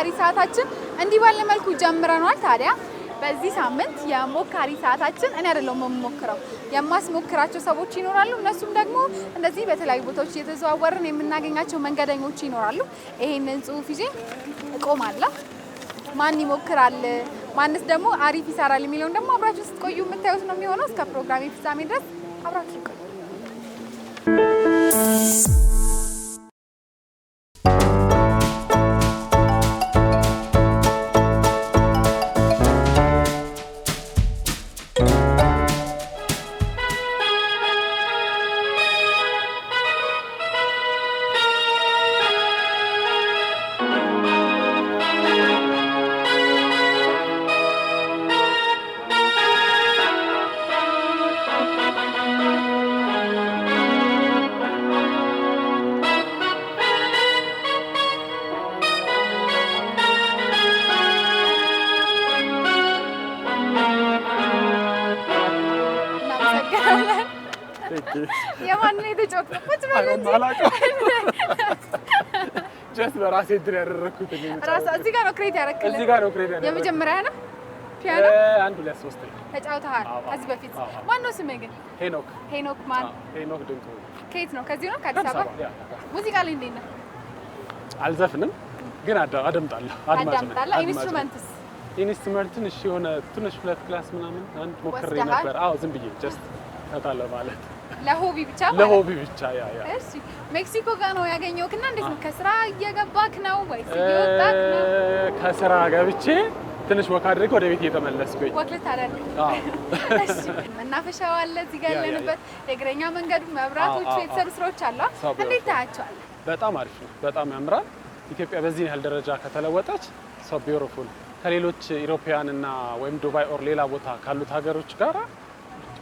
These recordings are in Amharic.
የሞካሪ ሰዓታችን እንዲህ ባለ መልኩ ጀምረኗል። ታዲያ በዚህ ሳምንት የሞካሪ ሰዓታችን እኔ አይደለሁም የምሞክረው የማስሞክራቸው ሰዎች ይኖራሉ። እነሱም ደግሞ እንደዚህ በተለያዩ ቦታዎች እየተዘዋወርን የምናገኛቸው መንገደኞች ይኖራሉ። ይሄንን ጽሁፍ ይዤ እቆማለሁ። ማን ይሞክራል ማንስ ደግሞ አሪፍ ይሰራል የሚለውን ደግሞ አብራችሁ ስትቆዩ የምታዩት ነው የሚሆነው። እስከ ፕሮግራሜ ፍጻሜ ድረስ አብራችሁ ቆዩ። ጀስት በራሴ እንትን ያደረግኩት እዚህ ጋር ነው ክሬት እዚህ ጋር ነው ክሬት የመጀመሪያ ነው ፒያኖ አንድ ሁለት ተጫውተሃል ከዚህ በፊት። ስምህ ግን? ሄኖክ። ሄኖክ ማን? ሄኖክ ከየት ነው? ከዚህ ነው ከአዲስ አበባ። ሙዚቃ ላይ እንዴት አልዘፍንም ግን ኢንስትሩመንትስ ኢንስትሩመንትን እሺ፣ የሆነ ትንሽ ሁለት ክላስ ምናምን አንድ ሞክሬ ነበር። አዎ ዝም ብዬ ጀስት ማለት ለሆቢ ብቻ ለሆቢ ብቻ። ያ ያ እሺ፣ ሜክሲኮ ጋር ነው ያገኘሁህ እና እንዴት ነው? ከስራ እየገባክ ነው ወይስ እየወጣክ ነው? ከስራ ገብቼ ትንሽ ወክ አድርጌ ወደ ቤት እየተመለስኩኝ። ወክ ልታደርግ? አዎ። እሺ፣ መናፈሻው አለ እዚህ ጋር ያለንበት፣ የእግረኛ መንገዱ፣ መብራቶቹ፣ የተሰሩ ስራዎች አሉ። እንዴት ታያቸዋል በጣም አሪፍ ነው። በጣም ያምራል። ኢትዮጵያ በዚህ ያህል ደረጃ ከተለወጠች ሶ ቢዩቲፉል ከሌሎች ኢሮፓውያን እና ወይም ዱባይ ኦር ሌላ ቦታ ካሉት ሀገሮች ጋራ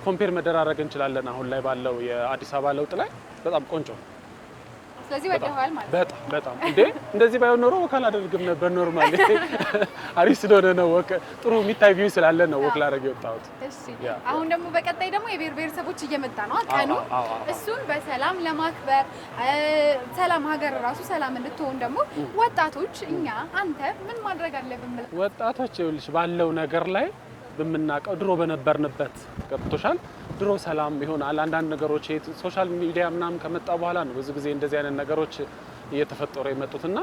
ኮምፔር መደራረግ እንችላለን። አሁን ላይ ባለው የአዲስ አበባ ለውጥ ላይ በጣም ቆንጆ ነው። ስለዚህ ወደ ወደኋል ማለት በጣም በጣም እንዴ፣ እንደዚህ ባይሆን ኖሮ ወክ አላደርግም ነበር። ኖርማል አሪፍ ስለሆነ ነው ወክ፣ ጥሩ የሚታይ ቪው ስላለ ነው ወክ ላደርግ የወጣሁት። እሺ፣ አሁን ደግሞ በቀጣይ ደግሞ የብሔር ብሔረሰቦች እየመጣ ነው ቀኑ። እሱን በሰላም ለማክበር ሰላም ሀገር ራሱ ሰላም እንድትሆን ደግሞ ወጣቶች፣ እኛ አንተ ምን ማድረግ አለብን? ወጣቶች ይኸውልሽ ባለው ነገር ላይ በምናውቀው ድሮ በነበርንበት ገብቶሻል። ድሮ ሰላም ይሆናል። አንዳንድ ነገሮች ሶሻል ሚዲያ ምናምን ከመጣ በኋላ ነው ብዙ ጊዜ እንደዚህ አይነት ነገሮች እየተፈጠሩ የመጡትና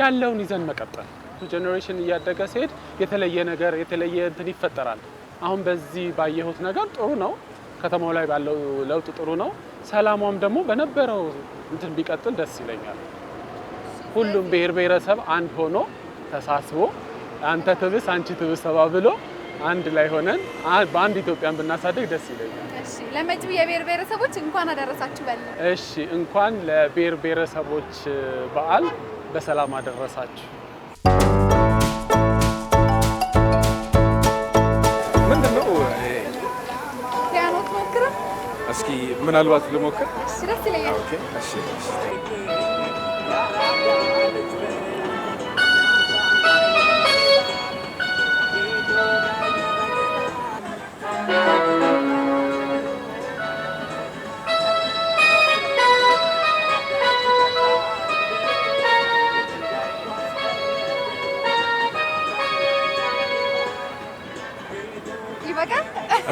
ያለውን ይዘን መቀጠል ጀኔሬሽን እያደገ ሲሄድ የተለየ ነገር የተለየ እንትን ይፈጠራል። አሁን በዚህ ባየሁት ነገር ጥሩ ነው። ከተማው ላይ ባለው ለውጥ ጥሩ ነው። ሰላሟም ደግሞ በነበረው እንትን ቢቀጥል ደስ ይለኛል። ሁሉም ብሔር ብሔረሰብ አንድ ሆኖ ተሳስቦ አንተ ትብስ አንቺ ትብስ ተባብሎ አንድ ላይ ሆነን በአንድ ኢትዮጵያን ብናሳድግ ደስ ይለኛል። ለመጪው የብሔር ብሔረሰቦች እንኳን አደረሳችሁ በል። እሺ፣ እንኳን ለብሔር ብሔረሰቦች በዓል በሰላም አደረሳችሁ። ምንድን ነው ፒያኖ እስኪ? ምናልባት ልሞክር። ደስ ይለኛል።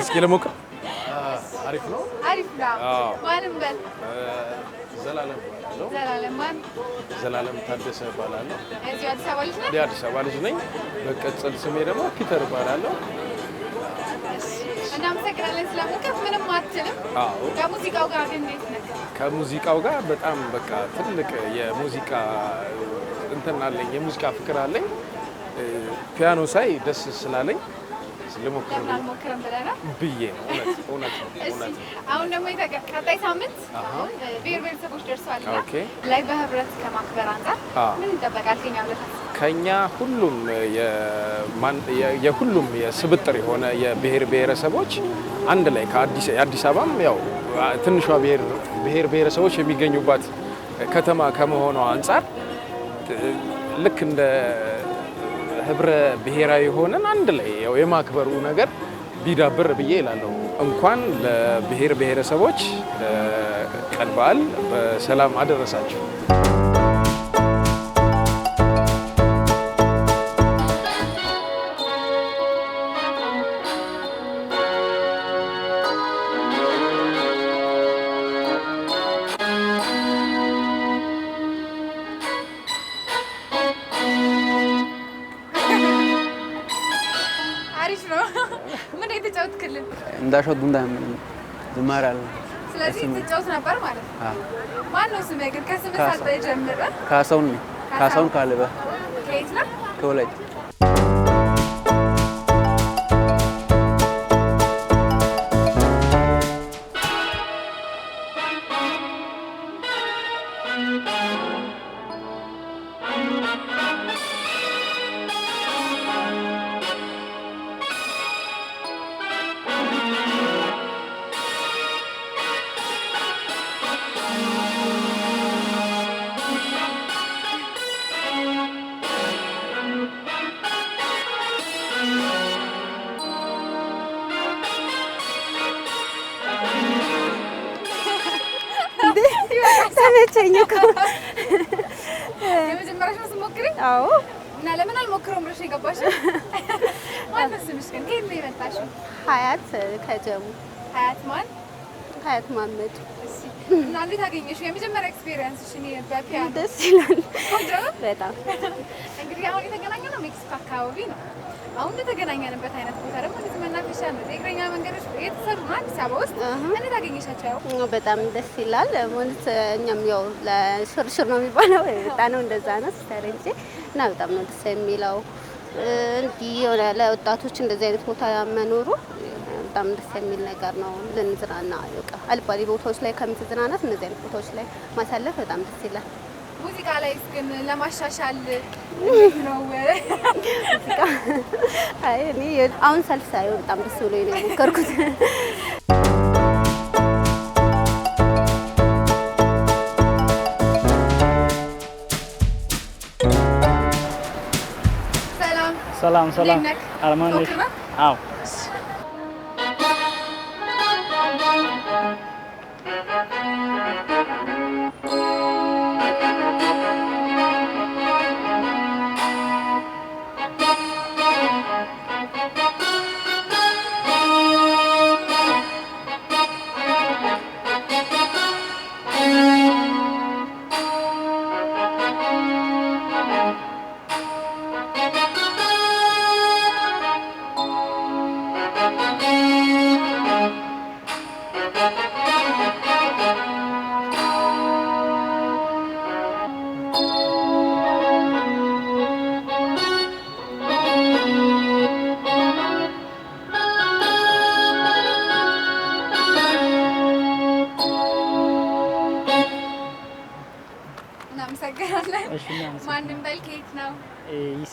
እስኪ ልሞክር። አሪፍ ነው፣ አሪፍ ነው። ማንም በል ዘላለም ዘላለም ታደሰ እባላለሁ። የአዲስ አበባ ልጅ ነኝ። በቅጽል ስሜ ደግሞ ፒተር እባላለሁ። እናመሰግናለን ስለመጣህ። ምንም አትልም። ከሙዚቃው ጋር እንዴት ከሙዚቃው ጋር በጣም በቃ ትልቅ የሙዚቃ እንትን አለኝ፣ የሙዚቃ ፍቅር አለኝ። ፒያኖ ሳይ ደስ ስላለኝ ልሞክር ብዬ ነው። እውነት ነው። አሁን ደግሞ ቀጣይ ሳምንት ብሔር ብሔረሰቦች ደርሰዋል ላይ በህብረት ከማክበር አንጻር ምን ይጠበቃል? ከኛ ሁሉም የሁሉም የስብጥር የሆነ የብሔር ብሔረሰቦች አንድ ላይ የአዲስ አበባም ያው ትንሿ ብሔር ብሔረሰቦች የሚገኙባት ከተማ ከመሆኗ አንጻር ልክ እንደ ህብረ ብሔራዊ ሆነን አንድ ላይ ያው የማክበሩ ነገር ቢዳብር ብዬ እላለሁ። እንኳን ለብሔር ብሔረሰቦች ቀን በዓል በሰላም አደረሳችሁ። እንዳሸው ዱንዳ ምን ዝማሬ አለ። ስለዚህ ትጫወት ነበር ማለት ነው። ማን ነው ስሜ ግን? ከስምህ ሳልጠይቅ ጀምረህ ካሳሁን ነው። ካሳሁን እኮ የመጀመሪያሽ ነው ስሞክሪ። አዎ እና ለምን አልሞክረውም ብለሽ የገባሽው ማነው ስምሽ ግን? ከየት ነው የመጣሽው? ሀያት ከጀሙ ሀያት ማን ሀያት ማመድ እና እንዴት አገኘሽው? የመጀመሪያ ኤክስፒሪየንስ እሺ፣ ነው በፒያኖ ደስ ይላል። በጣም እንግዲህ አሁን የተገናኘነው ሜክሲኮ አካባቢ ነው። አሁን የተገናኘንበት አይነት ቦታ ደግሞ እንዴት መናፈሻ ነው። የእግረኛ መንገዶች የተሰሩ ነው አዲስ አበባ ውስጥ። እንዴት አገኘሻቸው? በጣም ደስ ይላል። ሞልት እኛም ያው ለሽርሽር ነው የሚባለው የመጣ ነው እንደዛ ነው ሲሰር እንጂ እና በጣም ነው ደስ የሚለው እንዲህ የሆነ ለወጣቶች እንደዚህ አይነት ቦታ መኖሩ በጣም ደስ የሚል ነገር ነው። ልንዝናና በቃ አልባሌ ቦታዎች ላይ ከምትዝናናት እነዚህ አይነት ቦታዎች ላይ ማሳለፍ በጣም ደስ ይላል። ሙዚቃ ላይ ግን ለማሻሻል ነው። ሙዚቃ አይ እኔ አሁን ሰልፍ ሳይሆን በጣም ደስ ብሎኝ ነው የሞከርኩት። ሰላም ሰላም። አርማን ነሽ? አዎ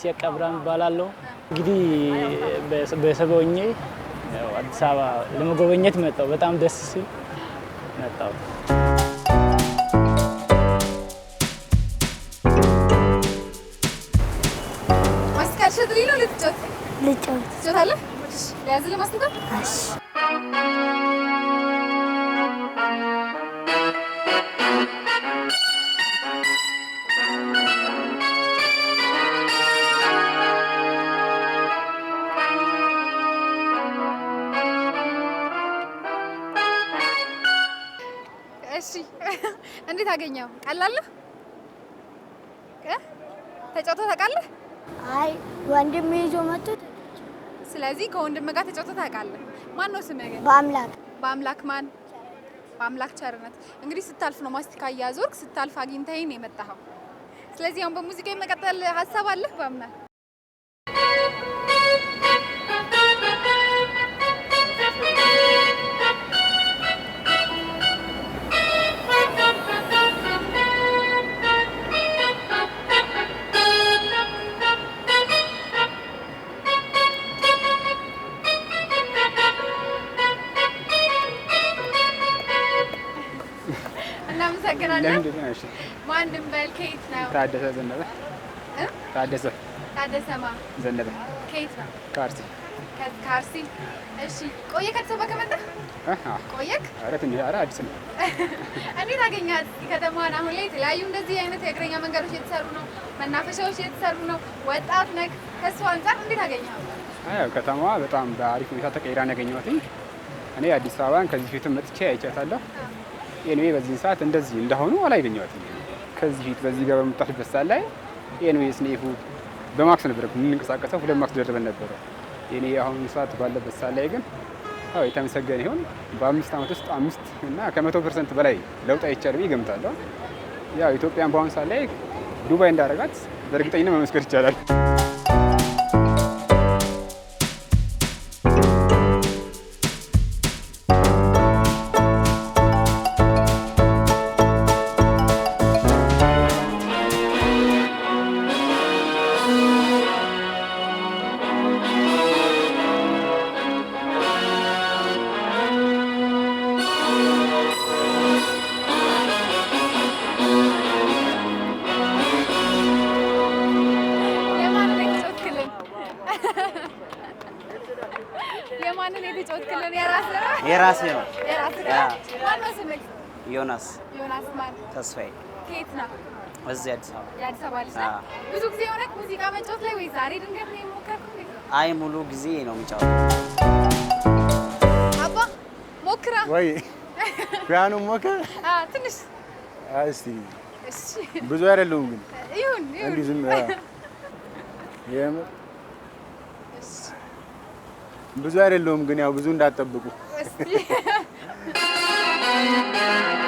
ሲያቃ ብርሃን እባላለሁ። እንግዲህ በሰበኜ አዲስ አበባ ለመጎበኘት መጣሁ። በጣም ደስ ሲል መጣሁ። ልጫወት ልጫወት እሺ፣ እንዴት አገኘው? ቀላለህ? ተጫውቶ ታውቃለህ? አይ ወንድም ይዞ መጥቶ። ስለዚህ ከወንድም ጋር ተጫውቶ ታውቃለህ? ማን ነው ስምህ ግን? በአምላክ በአምላክ ማን? በአምላክ ቸርነት። እንግዲህ ስታልፍ ነው ማስቲካ እያዞርክ ስታልፍ አግኝተኸኝ ነው የመጣኸው። ስለዚህ አሁን በሙዚቃ የመቀጠል ሀሳብ አለህ በአምላክ እናመሰግናለን። ማን እንበል? ከየት ነው? ታደሰ ዘነበ። ታደሰ ታደሰማ ዘነበ። ከየት ነው? ከአርሲ ከአርሲ። እሺ፣ ቆየህ ከአዲስ ከመጣህ? ቆየህ? ኧረ ትንሽ፣ ኧረ አዲስ ነው። እንዴት አገኘሃት ከተማዋን? አሁን ላይ የተለያዩ እንደዚህ አይነት የእግረኛ መንገዶች እየተሰሩ ነው፣ መናፈሻዎች የተሰሩ ነው። ወጣት ነህ፣ ከእሱ አንጻር እንዴት አገኘሃት? ከተማዋ በጣም በአሪፍ ሁኔታ ተቀይራ ነው ያገኘኋት። እኔ አዲስ አበባን ከዚህ ፊትም መጥቼ አይቻታለሁ ኤንዌ በዚህ ሰዓት እንደዚህ እንዳሁኑ አላገኘኋትም። ከዚህ ፊት በዚህ ጋር በመጣችበት ሰዓት ላይ ኤንዌ ስኔፉ በማክስ ነበር የምንንቀሳቀሰው፣ ሁለት ማክስ ደርበን ነበረ። የኔ አሁን ሰዓት ባለበት ሰዓት ላይ ግን አዎ የተመሰገነ ይሁን። በአምስት ዓመት ውስጥ አምስት እና ከመቶ ፐርሰንት በላይ ለውጥ አይቻልም ይገምታለሁ። ያው ኢትዮጵያን በአሁኑ ሰዓት ላይ ዱባይ እንዳረጋት በእርግጠኝነት መመስከር ይቻላል። የራሴ ነው። ዮናስ ተስፋዬ እዚህ አዲስ አበባ ብዙ ጊዜ የሆነት ሙዚቃ መጫወት ላይ ወይ ዛሬ ድንገት ነው የሞከርኩት? አይ ሙሉ ጊዜ ነው የሚጫወት። አባ ሞክራ ወይ ፒያኖ ሞክር ትንሽ እስቲ። ብዙ አይደለሁም ግን ይሁን ይሁን እንዲህ ዝም የምር ብዙ አይደለሁም ግን ያው ብዙ እንዳትጠብቁ Yeah.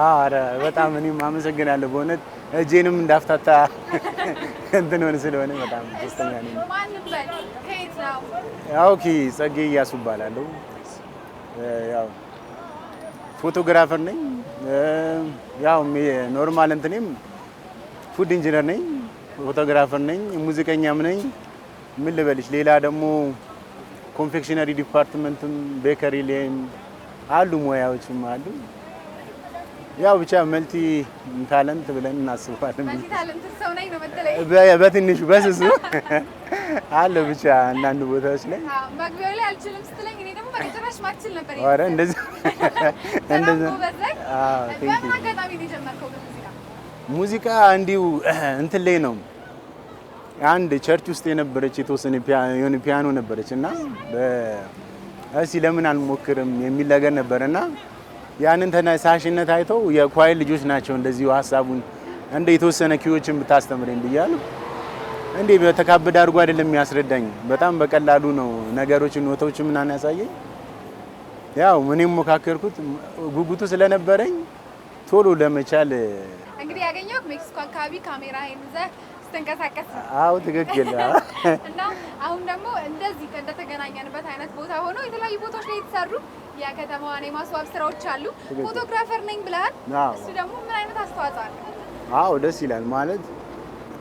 ኧረ በጣም እኔም አመሰግናለሁ በእውነት እጄንም እንዳፍታታ እንትን ሆነ ስለሆነ በጣም ደስተኛ ነኝ። ኦኬ ጸጌ እያሱ እባላለሁ። ያው ፎቶግራፈር ነኝ። ያው ኖርማል እንትኔም ፉድ ኢንጂነር ነኝ፣ ፎቶግራፈር ነኝ፣ ሙዚቀኛም ነኝ። ምን ልበልሽ ሌላ ደግሞ ኮንፌክሽነሪ ዲፓርትመንትም ቤከሪ ላይም አሉ ሙያዎችም አሉ። ያው ብቻ መልቲ ታለንት ብለን እናስባለን። መልቲ ታለንት ሰው ነኝ ነው በትንሹ በስሱ አለ ብቻ አንዳንድ ቦታዎች ላይ መግቢያው ላይ አልችልም ስትለኝ እኔ ደግሞ በጭራሽ ማችል ነበር። ኧረ እንደዚያ እንደዚያ። አዎ በምን አጋጣሚ ነው የጀመርከው ሙዚቃ? ሙዚቃ እንዲሁ እንትን ላይ ነው። አንድ ቸርች ውስጥ የነበረች የተወሰነ የሆነ ፒያኖ ነበረች እና እስኪ ለምን አልሞክርም የሚል ነገር ነበርና ያንን ተነሳሽነት አይተው የኳይል ልጆች ናቸው እንደዚሁ ሀሳቡን እንደ የተወሰነ ኪዎችን ብታስተምረኝ ብያለሁ። እንዴ በተካበደ አድርጎ አይደለም የሚያስረዳኝ፣ በጣም በቀላሉ ነው ነገሮችን ኖቶችን ምናምን ያሳየኝ። ያው እኔም ሞካከርኩት ጉጉቱ ስለነበረኝ ቶሎ ለመቻል እንግዲህ ያገኘው ሜክሲኮ አካባቢ ካሜራ ይዘህ ስትንቀሳቀስ አዎ ትክክል። እና አሁን ደግሞ እንደዚህ እንደተገናኘንበት አይነት ቦታ ሆኖ የተለያዩ ቦታዎች ላይ የተሰሩ የከተማዋን የማስዋብ ስራዎች አሉ። ፎቶግራፈር ነኝ ብለሃል። እሱ ደግሞ ምን አይነት አስተዋጽኦ አለ? አዎ ደስ ይላል ማለት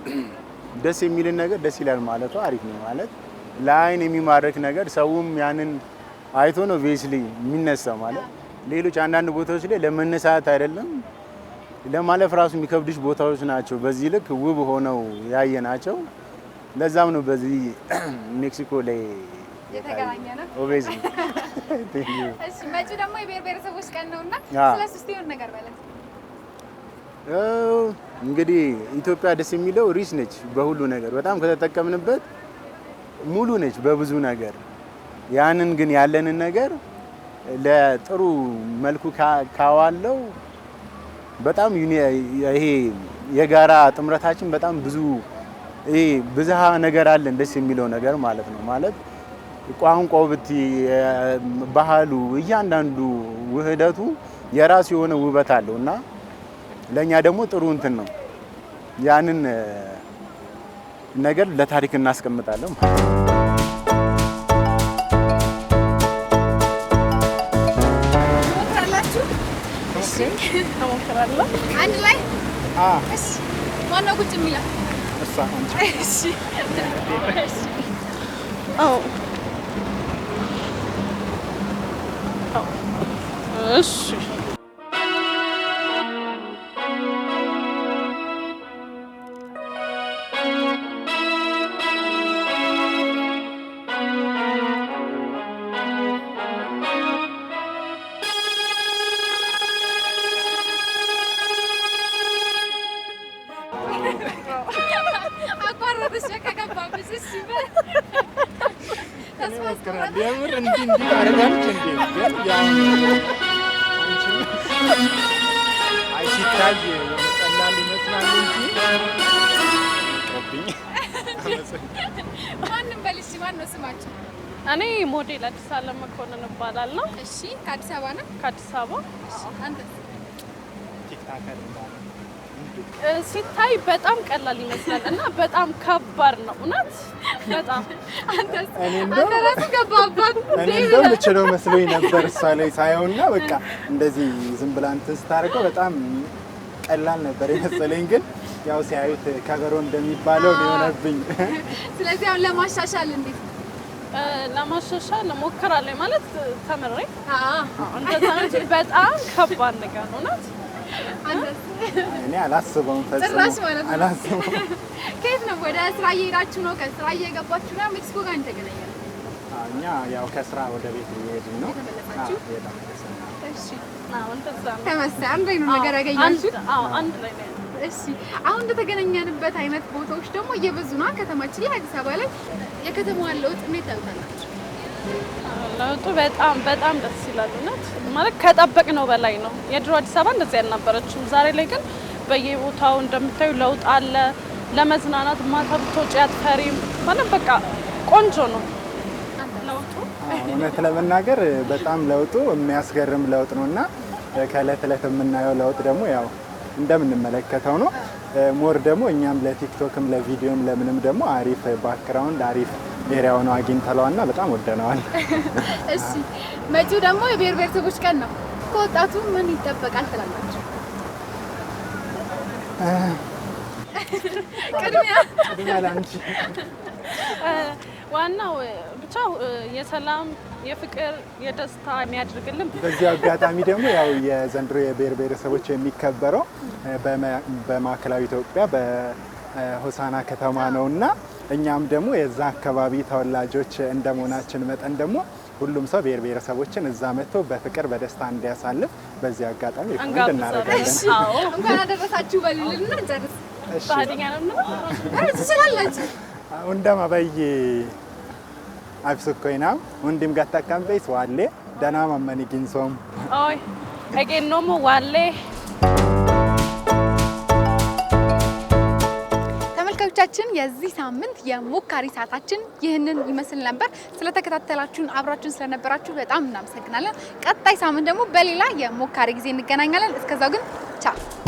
ደስ የሚልን ነገር ደስ ይላል ማለቱ አሪፍ ነው ማለት ለአይን የሚማርክ ነገር ሰውም ያንን አይቶ ነው ቬስሊ የሚነሳ ማለት ሌሎች አንዳንድ ቦታዎች ላይ ለመነሳት አይደለም ለማለፍ ራሱ የሚከብድሽ ቦታዎች ናቸው። በዚህ ልክ ውብ ሆነው ያየ ናቸው። ለዛም ነው በዚህ ሜክሲኮ ላይ የተገናኘ ነው። መጪው ደግሞ የብሔር ብሔረሰቦች ቀን ነገር እንግዲህ ኢትዮጵያ ደስ የሚለው ሪች ነች በሁሉ ነገር በጣም ከተጠቀምንበት ሙሉ ነች በብዙ ነገር። ያንን ግን ያለንን ነገር ለጥሩ መልኩ ካዋለው በጣም ይሄ የጋራ ጥምረታችን በጣም ብዙ ይሄ ብዝሃ ነገር አለን ደስ የሚለው ነገር ማለት ነው። ማለት ቋንቋው ብቲ ባህሉ፣ እያንዳንዱ ውህደቱ የራሱ የሆነ ውበት አለው እና ለእኛ ደግሞ ጥሩ እንትን ነው። ያንን ነገር ለታሪክ እናስቀምጣለን። እሰራለሁ። አንድ ላይ ማነው ቁጭ የሚለው? እሺ ሲታይ ቀላል ይመስላል እንጂ ማንም በል እሺ፣ ማነው ስማቸው? እኔ ሞዴል አዲስ አለም መኮንን እባላለሁ። እሺ፣ ከአዲስ አበባ ነው? ከአዲስ አበባ። ሲታይ በጣም ቀላል ይመስላል እና በጣም ከባድ ነው። እውነት በጣም አንተ መስሎኝ ነበር እሷ ላይ ሳየውና በቃ እንደዚህ ዝም ብላ እንትን ስታደርገው በጣም ቀላል ነበር የመሰለኝ፣ ግን ያው ሲያዩት ከበሮ እንደሚባለው ሊሆነብኝ። ስለዚህ አሁን ለማሻሻል እንዴት ለማሻሻል እሞክራለሁ። ማለት ተምሬ እንደዛ በጣም ከባድ ነገር ነው ናት። እኔ አላስበውም ፈጽሞ አላስበውም። ከየት ነው ወደ ስራ እየሄዳችሁ ነው? ከስራ እየገባችሁ ነው? ሜክሲኮ ጋር እንተገናኛለን። እኛ ያው ከስራ ወደ ቤት እየሄድን ነው። ተመሳይ አንድ ነገር ያገኛችሁት? እሺ አሁን እንደተገናኘንበት አይነት ቦታዎች ደግሞ እየበዙ ነው ከተማችን ላይ አዲስ አበባ ላይ። የከተማዋን ለውጥ እንዴት ታውታላችሁ? ለውጡ በጣም በጣም ደስ ይላል። እውነት ማለት ከጠበቅነው በላይ ነው። የድሮ አዲስ አበባ እንደዚህ አልነበረችም። ዛሬ ላይ ግን በየቦታው እንደምታዩ ለውጥ አለ። ለመዝናናት ማታ ብትወጪ አትፈሪም። ማለት በቃ ቆንጆ ነው። እውነት ለመናገር በጣም ለውጡ የሚያስገርም ለውጥ ነው እና ከእለት እለት የምናየው ለውጥ ደግሞ ያው እንደምንመለከተው ነው። ሞር ደግሞ እኛም ለቲክቶክም ለቪዲዮም ለምንም ደግሞ አሪፍ ባክግራውንድ አሪፍ ኤሪያውን አግኝተለዋል እና በጣም ወደነዋል። እሺ መጪው ደግሞ የብሔር ብሔረሰቦች ቀን ነው። ከወጣቱ ምን ይጠበቃል ትላላችሁ? ቅድሚያ ዋናው ብቻ የሰላም የፍቅር የደስታ የሚያደርግልን። በዚህ አጋጣሚ ደግሞ ያው የዘንድሮ የብሔር ብሔረሰቦች የሚከበረው በማዕከላዊ ኢትዮጵያ በሆሳና ከተማ ነው እና እኛም ደግሞ የዛ አካባቢ ተወላጆች እንደመሆናችን መጠን ደግሞ ሁሉም ሰው ብሔር ብሔረሰቦችን እዛ መጥቶ በፍቅር በደስታ እንዲያሳልፍ በዚህ አጋጣሚ ሪኮመንድ እናደርጋለን። እንኳን አደረሳችሁ በልልና ጨርስ። ባህደኛ ነው ትችላላችሁ። እንደማ በይ absukkoynaam hundimga takkamteis waallee danaa mammani ginsoom. Oi, dhaqeennoomu waallee. ተመልካቾቻችን የዚህ ሳምንት የሙካሪ ሰዓታችን ይህንን ይመስል ነበር። ስለተከታተላችሁን አብራችሁን ስለነበራችሁ በጣም እናመሰግናለን። ቀጣይ ሳምንት ደግሞ በሌላ የሙካሪ ጊዜ እንገናኛለን። እስከዛው ግን ቻው።